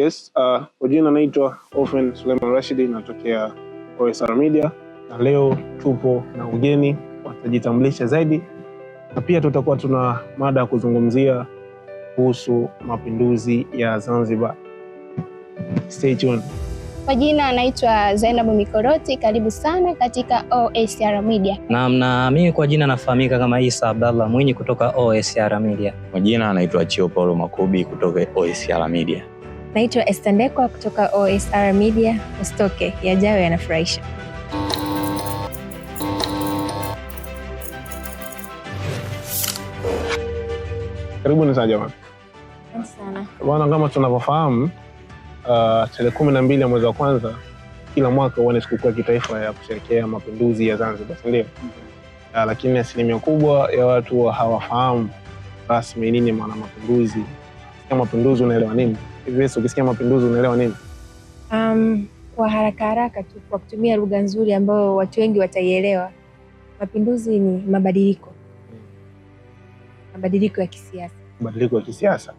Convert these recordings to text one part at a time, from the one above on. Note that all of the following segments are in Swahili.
Yes, uh, kwa jina naitwa Ofen Suleiman Rashidi natokea OSR Media na leo tupo na ugeni watajitambulisha zaidi na pia tutakuwa tuna mada ya kuzungumzia kuhusu mapinduzi ya Zanzibar. Stay tuned. Kwa jina anaitwa Zainabu Mikoroti, karibu sana katika OSR Media. na mimi kwa jina nafahamika kama Isa Abdallah Mwinyi kutoka OSR Media. Kwa jina anaitwa Chio Paulo Makubi kutoka OSR Media. Naitwa Esther kutoka OSR Media. ustoke yajayo yanafurahisha. Karibuni sana jamani. bana kama tunavyofahamu uh, tarehe kumi na mbili ya mwezi wa kwanza kila mwaka huwa ni sikukuu ya kitaifa ya kusherekea mapinduzi ya Zanzibar, sindio mm -hmm. Uh, lakini asilimia kubwa ya watu hawafahamu rasmi nini mwana mapinduzi ukisikia mapinduzi unaelewa nini? Hivi ukisikia mapinduzi unaelewa nini? Um, kwa haraka haraka tu kwa kutumia lugha nzuri ambayo watu wengi wataielewa, mapinduzi ni mabadiliko, mabadiliko ya kisiasa. Mabadiliko ya kisiasa.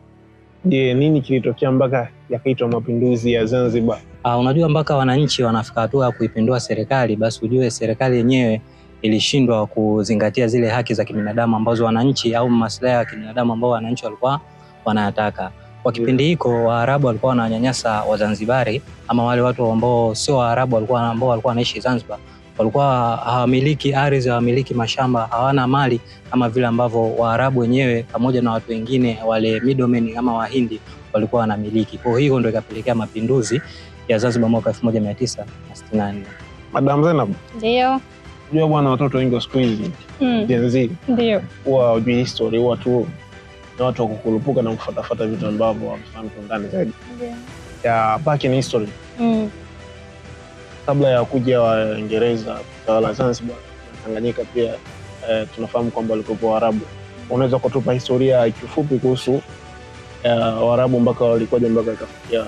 Je, nini kilitokea mpaka yakaitwa mapinduzi ya Zanzibar? Ah, unajua mpaka wananchi wanafika hatua ya kuipindua serikali, basi ujue serikali yenyewe ilishindwa kuzingatia zile haki za kibinadamu ambazo wananchi au maslahi ya kibinadamu ambao wananchi walikuwa wanayataka. Kwa kipindi hiko Waarabu walikuwa wananyanyasa Wazanzibari ama wale watu ambao sio Waarabu walikuwa ambao walikuwa wanaishi Zanzibar, walikuwa hawamiliki ardhi, hawamiliki mashamba, hawana mali kama vile ambavyo Waarabu wenyewe pamoja na watu wengine wale midomen ama Wahindi walikuwa wanamiliki. kwao hiyo ndo ikapelekea mapinduzi ya Zanzibar mwaka elfu moja mia tisa na na nne Madam Zainab. Ndio. Unajua bwana, watoto wengi wa siku hizi mm. Gen Z. Ndio. Huwa ujui histori huwa tu na watu wakukurupuka na kufatafata vitu ambavyo wafahamu ndani zaidi ya back in history mm. kabla ya kuja Waingereza kutawala Zanzibar Tanganyika pia eh, tunafahamu kwamba walikuwa Waarabu. Unaweza kutupa historia kifupi kuhusu eh, Waarabu mpaka walikuja mpaka ikafikia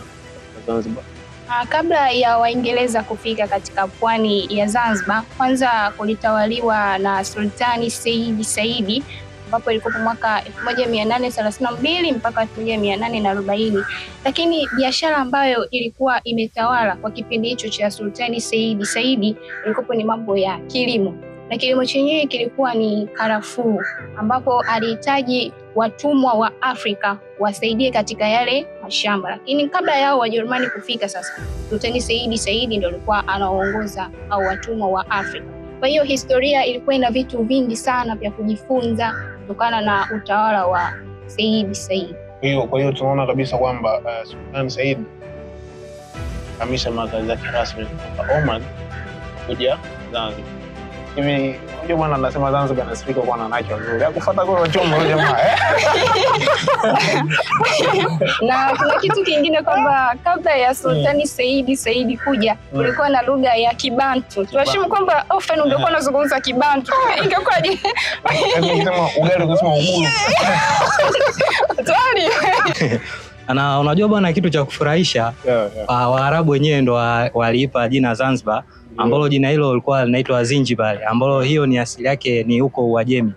Zanzibar? Ah, kabla ya Waingereza kufika katika pwani ya Zanzibar, kwanza kulitawaliwa na Sultani saidi Saidi ambapo ilikuwa mwaka 1832 mpaka 1840, lakini biashara ambayo ilikuwa imetawala kwa kipindi hicho cha Sultani Saidi Saidi ilikuwa ni mambo ya kilimo na kilimo chenyewe kilikuwa ni karafuu, ambapo alihitaji watumwa wa Afrika wasaidie katika yale mashamba, lakini kabla yao Wajerumani kufika, sasa Sultani Saidi Saidi ndio alikuwa anaongoza au watumwa wa Afrika. Kwa hiyo historia ilikuwa ina vitu vingi sana vya kujifunza kutokana na utawala wa Said Said. Kwa hiyo tunaona kabisa kwamba uh, Sultan Said kamisha makazi yake rasmi kutoka Oman kuja Zanzibar. Hivi unajua bwana, Zanzibar kwa chombo jamaa. Eh. Na kuna kitu kingine kwamba kabla ya Sultani mm. Saidi Saidi kuja mm. kulikuwa na lugha ya Kibantu. Tunashimu kwamba ofen ungekuwa eh. unazungumza Kibantu. Ah. Ingekuwaje? Yaani ugali Na unajua bwana, kitu cha kufurahisha yeah, yeah. Ah, Waarabu wenyewe ndo waliipa jina Zanzibar ambalo jina hilo lilikuwa linaitwa Zinji pale, ambalo hiyo ni asili yake ni huko Uajemi,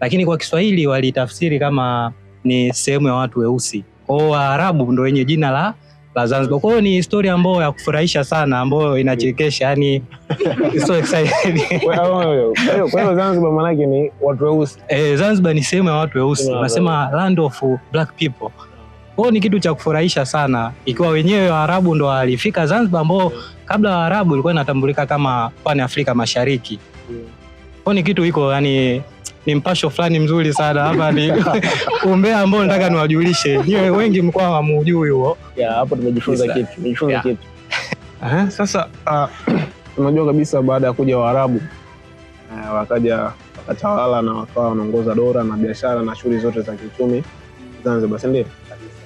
lakini kwa Kiswahili walitafsiri kama ni sehemu ya watu weusi. Kwa hiyo Waarabu ndio wenye jina la la Zanzibar. Kwa hiyo ni historia ambayo ya kufurahisha sana, ambayo inachekesha, yani so excited. Kwa hiyo Zanzibar maana yake ni watu weusi. Eh, Zanzibar ni sehemu ya watu weusi, nasema land of black people. Kwao ni kitu cha kufurahisha sana, ikiwa wenyewe Waarabu ndo walifika Zanzibar, ambao kabla Waarabu ilikuwa inatambulika kama pwani Afrika Mashariki. Kwao ni kitu iko yani ni mpasho fulani mzuri sana hapa ni umbea ambao nataka niwajulishe, niwe wengi mkoa wa muujui huo. hapo tumejifunza kitu, tumejifunza kitu. sasa ah, unajua uh, kabisa baada ya kuja Waarabu uh, wakaja wakatawala na wakawa wanaongoza dora na biashara na shughuli zote za kiuchumi Zanzibar, ndio?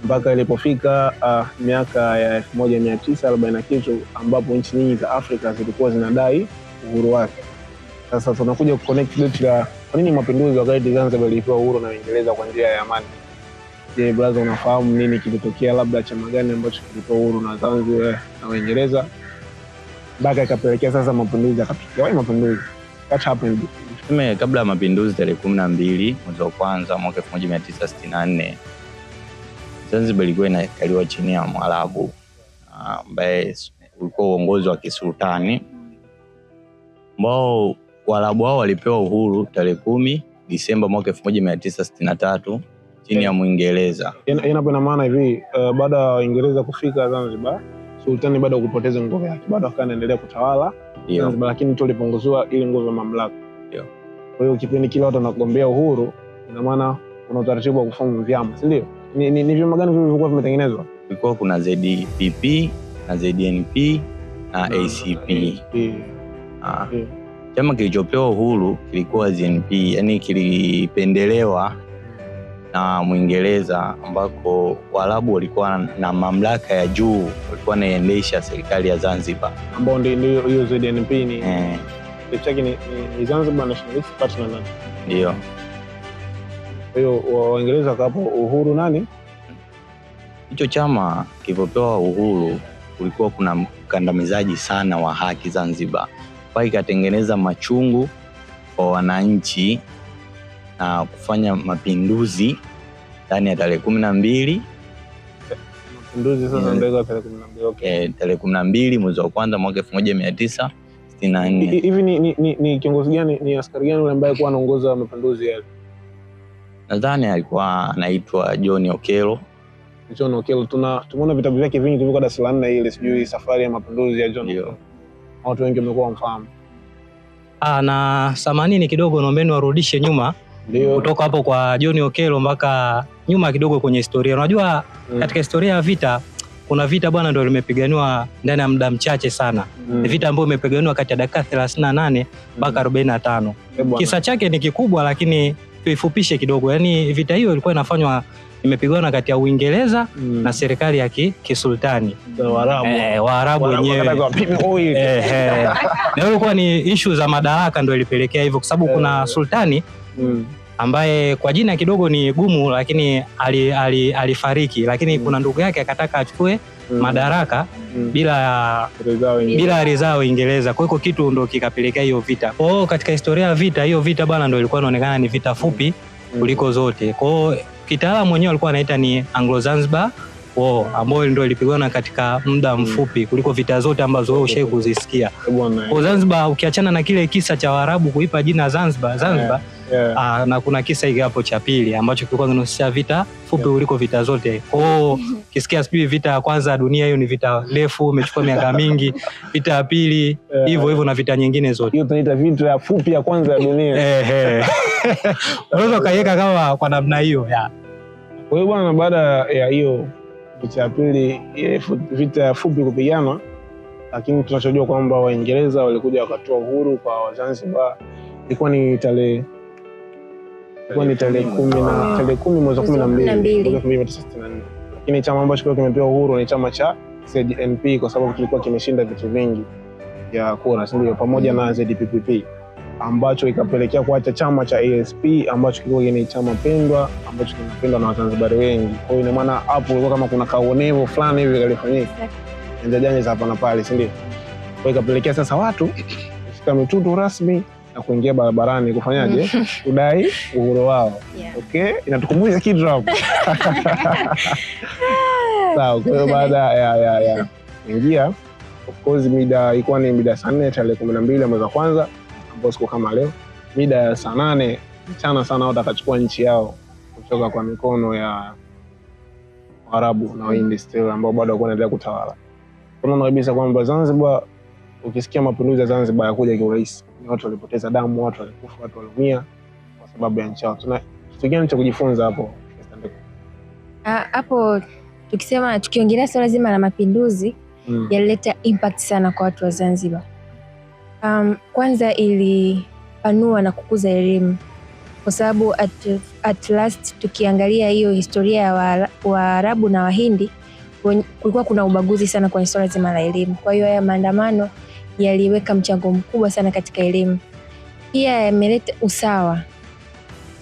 mpaka ilipofika uh, miaka ya elfu moja mia tisa arobaini na kitu ambapo nchi nyingi za Afrika zilikuwa zinadai uhuru wake. Sasa tunakuja kuconnect dot la kwa nini mapinduzi wakati Zanzibar ilipewa uhuru na Uingereza kwa njia ya amani. Je, brother, unafahamu nini kilitokea, labda chama gani ambacho kilipewa uhuru na Zanzibar na Uingereza mpaka ikapelekea sasa mapinduzi yakatokea? Mapinduzi that happened kabla ya mapinduzi tarehe kumi na mbili mwezi wa kwanza mwaka elfu moja mia tisa sitini na nne Zanzibar ilikuwa inakaliwa chini ya Mwarabu ambaye ulikuwa uongozi wa kisultani ambao Waarabu hao walipewa uhuru tarehe kumi Disemba mwaka elfu moja mia tisa sitini na tatu chini ya Mwingereza. Inapo ina maana hivi uh, baada ya Waingereza kufika Zanzibar, sultani baada ya kupoteza nguvu yake bado akawa anaendelea kutawala Zanzibar, lakini tu alipunguziwa ile nguvu ya mamlaka. Kwa hiyo kipindi kile watu wanagombea uhuru, ina maana kuna utaratibu wa kufomu vyama, si ndio? ni, ni, ni vyuma gani vilivyokuwa vimetengenezwa? Kulikuwa kuna ZPP na ZNP na ACP. Ah. Chama kilichopewa uhuru kilikuwa ZNP, yani kilipendelewa na Mwingereza ambako Waarabu walikuwa na mamlaka ya juu, walikuwa wanaendesha serikali ya Zanzibar, ambao ndio hiyo ZNP ni eh. Chake ni, ni, ni Zanzibar Nationalist Party na nani? Ndio. Kwa hiyo Waingereza wakapo uhuru nani, hicho chama kilivyopewa uhuru, kulikuwa kuna mkandamizaji sana wa haki Zanzibar, kwa ikatengeneza machungu kwa wananchi na kufanya mapinduzi ndani ya tarehe kumi na mbili eh, eh, tarehe kumi na mbili mwezi wa kwanza mwaka elfu moja mia tisa sitini na nne. Hivi ni kiongozi gani, ni askari gani ambaye kuwa anaongoza mapinduzi yale? nadhani alikuwa anaitwa John Okelo. John Okelo, tuna tumeona vitabu vyake vingi tulivyokuwa darasa la nne ile, sijui safari ya mapinduzi ya John Okello, watu wengi wamekuwa wamfahamu. Ah, na themanini kidogo naombeni warudishe nyuma kutoka hapo kwa John Okelo mpaka nyuma kidogo kwenye historia. Unajua mm. katika historia ya vita kuna vita bwana ndio limepiganiwa ndani ya muda mchache sana mm. vita ambayo imepiganiwa kati ya dakika 38 mpaka 45. Mm. Eh, Kisa chake ni kikubwa, lakini tuifupishe kidogo. Yani vita hiyo ilikuwa inafanywa imepigwana kati ya Uingereza mm. na serikali ya kisultani eh, eh, Waarabu wenyewe, eh, ilikuwa ni ishu za madaraka ndio ilipelekea hivyo, kwa sababu kuna sultani mm ambaye kwa jina kidogo ni gumu, lakini alifariki ali, ali, lakini mm. kuna ndugu yake akataka achukue mm. madaraka mm. bila ya bila ridhaa Uingereza. Kwa hiyo kitu ndo kikapelekea hiyo vita. Kwa hiyo katika historia ya vita hiyo vita bwana ndo ilikuwa inaonekana ni vita fupi mm. kuliko zote. Kwa hiyo kitaalamu mwenyewe alikuwa anaita ni Anglo Zanzibar War ambayo ndio ilipigana katika muda mm. mfupi kuliko vita zote ambazo wewe ushawahi kuzisikia. Kwa Zanzibar ukiachana na kile kisa cha Waarabu kuipa jina Zanzibar, Zanzibar yeah yeah. Aa, ah, na kuna kisa hiki hapo cha pili ambacho kilikuwa kinahusisha vita fupi yeah. uliko vita zote. Oh, kisikia sijui vita ya kwanza ya dunia hiyo ni vita refu imechukua miaka mingi, vita ya pili hivyo yeah. hivyo na vita nyingine zote. Hiyo tunaita vita ya fupi ya kwanza ya dunia. Eh, unaweza ukaiweka kama kwa namna hiyo. Kwa hiyo bwana, baada ya hiyo vita ya pili, eh, vita ya fupi kupigana lakini tunachojua kwamba Waingereza walikuja wakatoa uhuru kwa Wazanzibar, ilikuwa ni tarehe ilikuwa ni tarehe kumi mwezi wa kumi na mbili elfu mbili mia sitini na nne lakini chama ambacho kilikuwa kimepewa uhuru ni chama cha ZNP kwa sababu kilikuwa kimeshinda vitu vingi vya kura, si ndio? Pamoja na ZPPP ambacho ikapelekea kuacha chama cha ASP ambacho kilikuwa ni chama pendwa ambacho kinapendwa na Wazanzibari wengi. Kwa hiyo ina maana hapo ilikuwa kama kuna kaonevo fulani hivi kalifanyika janja janja za hapa na pale, si ndio? Kwa hiyo ikapelekea sasa watu kufika mitutu rasmi na kuingia barabarani kufanyaje, mm. kudai uhuru wao yeah. Okay, inatukumbusha kitu sawa. Kwa hiyo baada ya ya ya kuingia of course, mida ilikuwa ni mida saa nne tarehe kumi na mbili ya mwezi wa kwanza, ambao siku kama leo mida ya saa nane mchana sana watu akachukua nchi yao kutoka kwa mikono ya Waarabu na Wahindi still ambao bado walikuwa wanaendelea kutawala. Unaona kabisa kwamba Zanzibar ukisikia mapinduzi ya Zanzibar yakuja kiurahisi, watu walipoteza damu, watu walikufa, watu waliumia kwa sababu ya nchi yao. Tuna kitu gani cha kujifunza hapo ah, hapo? Tukisema tukiongelea swala zima la mapinduzi mm. yalileta impact sana kwa watu wa Zanzibar. Um, kwanza ilipanua na kukuza elimu kwa sababu at, at last tukiangalia hiyo historia ya wa Waarabu na Wahindi kulikuwa kuna ubaguzi sana kwenye swala zima la elimu. Kwa hiyo haya maandamano yaliweka mchango mkubwa sana katika elimu, pia yameleta usawa,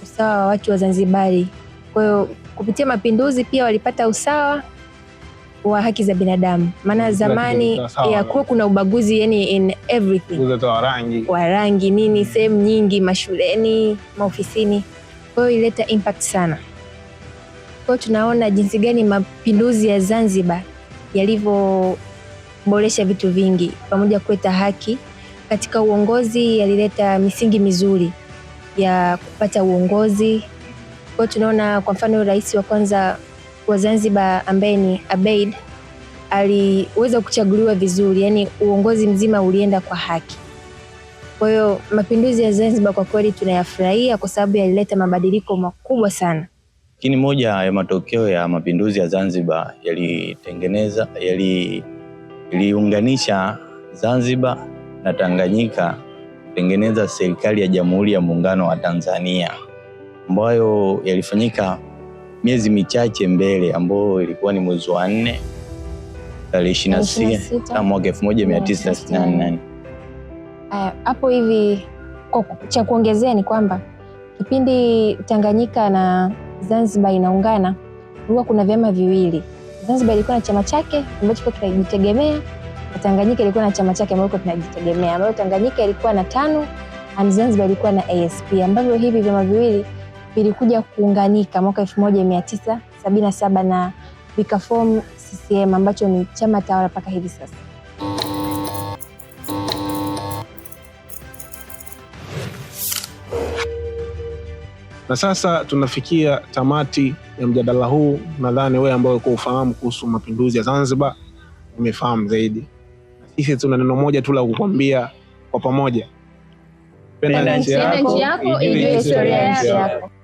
usawa wa watu wa Zanzibari. Kwa hiyo kupitia mapinduzi pia walipata usawa wa haki za binadamu, maana zamani yakuwa kuna ubaguzi yani in everything, wa rangi nini, mm. sehemu nyingi, mashuleni, maofisini. Kwa hiyo ileta impact sana kwao tunaona jinsi gani mapinduzi ya Zanzibar yalivyoboresha vitu vingi, pamoja kuleta haki katika uongozi. Yalileta misingi mizuri ya kupata uongozi. Kwao tunaona kwa mfano rais wa kwanza wa Zanzibar ambaye ni Abeid aliweza kuchaguliwa vizuri, yani uongozi mzima ulienda kwa haki. Kwa hiyo mapinduzi ya Zanzibar kwa kweli tunayafurahia kwa sababu yalileta mabadiliko makubwa sana. Lakini moja ya matokeo ya mapinduzi ya Zanzibar yalitengeneza yaliunganisha yali Zanzibar na Tanganyika kutengeneza serikali ya Jamhuri ya Muungano wa Tanzania ambayo yalifanyika miezi michache mbele, ambayo ilikuwa ni mwezi wa nne tarehe 26 mwaka elfu Hapo hivi cha kuongezea ni kwamba kipindi Tanganyika na Zanzibar inaungana, kulikuwa kuna vyama viwili. Zanzibar ilikuwa na chama chake ambacho kinajitegemea na Tanganyika ilikuwa na chama chake ambacho kinajitegemea, ambayo Tanganyika ilikuwa na TANU na Zanzibar ilikuwa na ASP, ambavyo hivi vyama viwili vilikuja kuunganika mwaka 1977 na vikaform CCM ambacho ni chama tawala mpaka hivi sasa. Na sasa tunafikia tamati ya mjadala huu. Nadhani wewe ambao uko ufahamu kuhusu mapinduzi ya Zanzibar umefahamu zaidi. Sisi tuna neno moja tu la kukwambia kwa pamoja, penda nchi yako, yako.